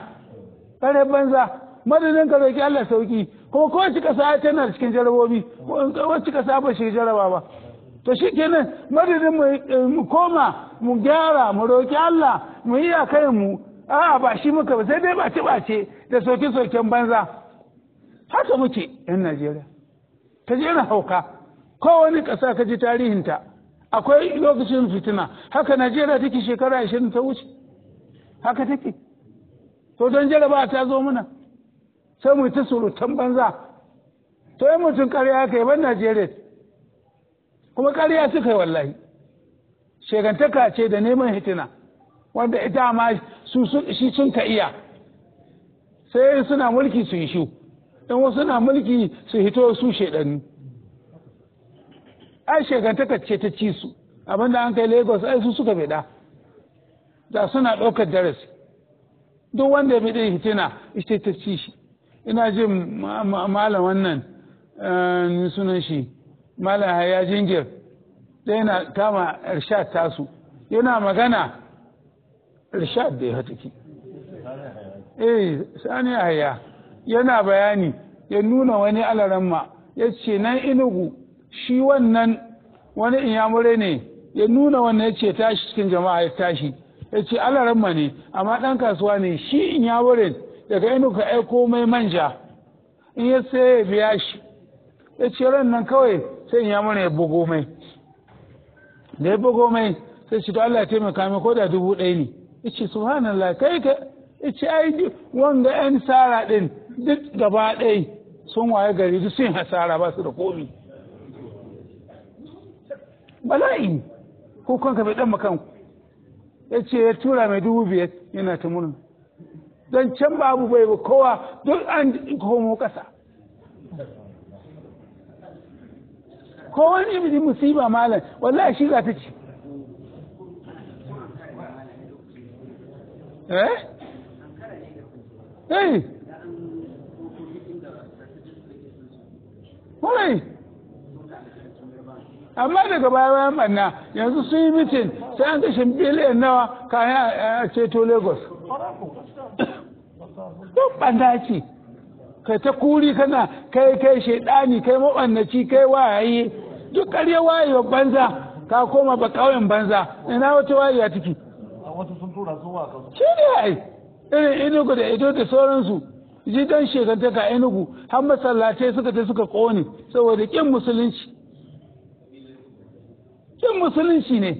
karyar banza madadin ka roki Allah sauki kuma shi kasa tana cikin jarabobi kowace kasa ba shi jaraba ba to shi kenan madadin mu koma mu gyara mu roki Allah mu yi a kai mu a ba shi muka ba sai dai ba ci bace da soke soken banza haka muke yan Najeriya ta je na hauka kowane kasa ka ji tarihinta akwai lokacin fitina haka Najeriya take shekara ashirin ta wuce haka take to don jaraba ta zo mana sai mu ta surutan banza to yi mutum karya ya kai ban najeriya kuma karya suka yi wallahi shegantaka ce da neman hitina wanda ita ma shi sun ka iya sai suna mulki su yi shu in wasu suna mulki su hito su shedanni ai shegantaka ce ta ci su abinda an kai lagos ai su suka beda da suna ɗaukar darasi duk wanda ya bi hitina ita ta ci shi ina jin malam wannan eh, sunan shi malam haya jingir da yana kama irshad tasu yana magana irshad da ya hataki eh sani haya yana bayani ya nuna wani ma. ya ce nan inugu shi wannan wani inyamure ne ya nuna wannan ya ce tashi cikin jama'a ya tashi ya ce ma ne amma ɗan kasuwa ne shi inyamurin daga inu ka aiko mai manja in ya sai ya biya shi ya ce ran nan kawai sai ya mana ya bugo mai da ya bugo mai sai ce to Allah ya taimaka mai ko da dubu ɗaya ne ya ce subhanallah kai ka ya ce ai wanga yan sara ɗin duk gaba ɗaya sun waye gari duk sun hasara ba su da komi bala'i ko kanka bai ɗan makan ya ce ya tura mai dubu biyar yana ta murna don can babu bai ba kowa duk an komo ƙasa ko wani musiba malam wallahi shi za ta ci eh eh kawai amma daga baya bayan banna yanzu sun yi mitin sai an kashin biliyan nawa kayan a ceto lagos duk ɓanda ce kai ta kuri kana kai kai shaidani kai mabannaci kai wayaye duk ƙarya wayewa banza ka koma ba ƙauyen banza ina wata wayewa take wata shi ne ai irin inugu da ido da sauransu ji dan shekantaka inugu har masallatai suka ta suka kone saboda kin musulunci kin musulunci ne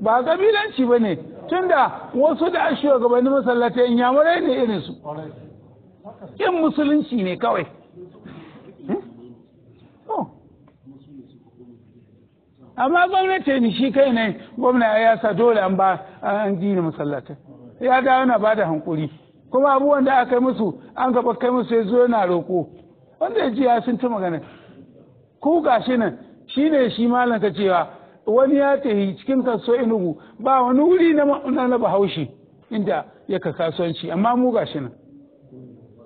ba kabilanci ba ne tunda wasu da shugabannin masallatai inyamurai ne irinsu ƙin musulunci ne kawai hmm? amma gwamnati ne shi kai ne gwamna ya sa dole an ba an ji ni masallata ya dawo na ba da hankuri kuma abubuwan da aka yi musu an gaba kai musu ya zo yana roko wanda ya ji ya sun ta magana ku shi nan shi ne shi malam ka cewa wani ya tafi cikin kaso inugu ba wani wuri na bahaushe inda ya yaka kasuwanci amma mu ga shi nan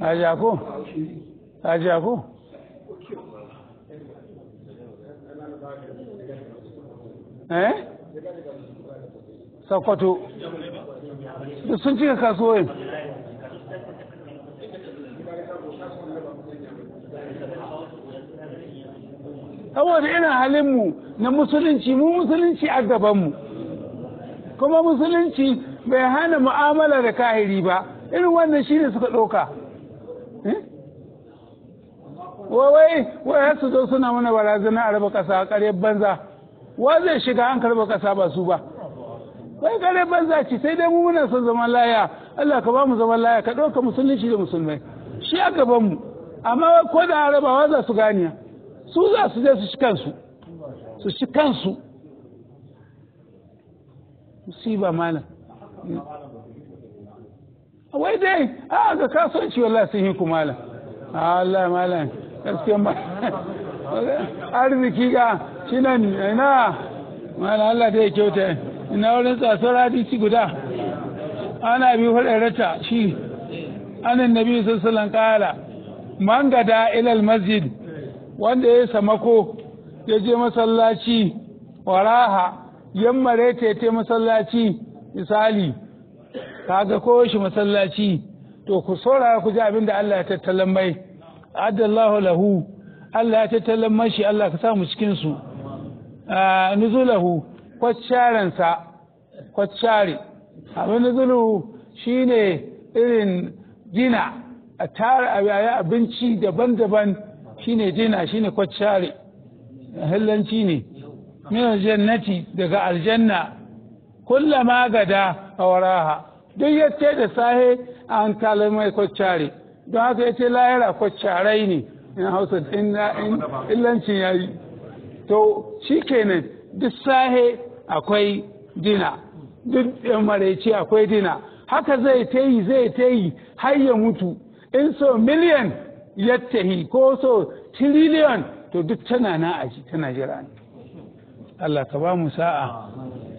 a ja ko a ko eh sakwato sun cika kasuwoyin saboda ina halinmu na musulunci mu musulunci a gabanmu kuma musulunci bai hana mu'amala da kahiri ba irin wannan shi ne suka ɗauka wai wai su zo suna mana barazana a raba ƙasa ƙarya banza wa zai shiga an karba ƙasa ba su ba wai ƙarya banza ce sai dai mu muna son zaman laya Allah ka ba mu zaman laya ka ɗauka musulunci da musulmai shi a gaban mu amma ko da arabawa za su gani su za su je su ci kansu su ci kansu musiba malam wai dai a ga kasuwanci wallahi sun yi ku malam Allah malam gaskiyan ba arziki ga shi nan ina mana Allah da ya kyauta ina wurin tsasar hadisi guda ana biyu bi rata shi anan nabi sallallahu alaihi man gada ilal masjid wanda ya samako ya je masallaci waraha yammare ta masallaci misali kaga ko shi masallaci to ku saurara ku ji abin da Allah ya tattalin mai adallahu lahu Allah ya tattalin mashi Allah ka samu mu cikinsu. nuzulahu kwaccarensa kwaccare abin nuzulu ne irin dina a tara abinci daban-daban shi ne dina shine kwaccare hillanci ne min jannati daga aljanna kullama gada a waraha duk yadda da sahe an kalmai kwaccare don haka ya ce lahira ko carai ne in hausa in illancin ya yi to shi kenan duk sahe akwai dina duk maraice akwai dina haka zai ta yi zai ta yi har ya mutu in so miliyan ya yi ko so tiriliyon to duk tana na aji tana jira ne Allah ka ba mu sa'a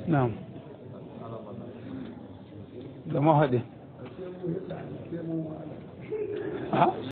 na da mahaɗin Huh?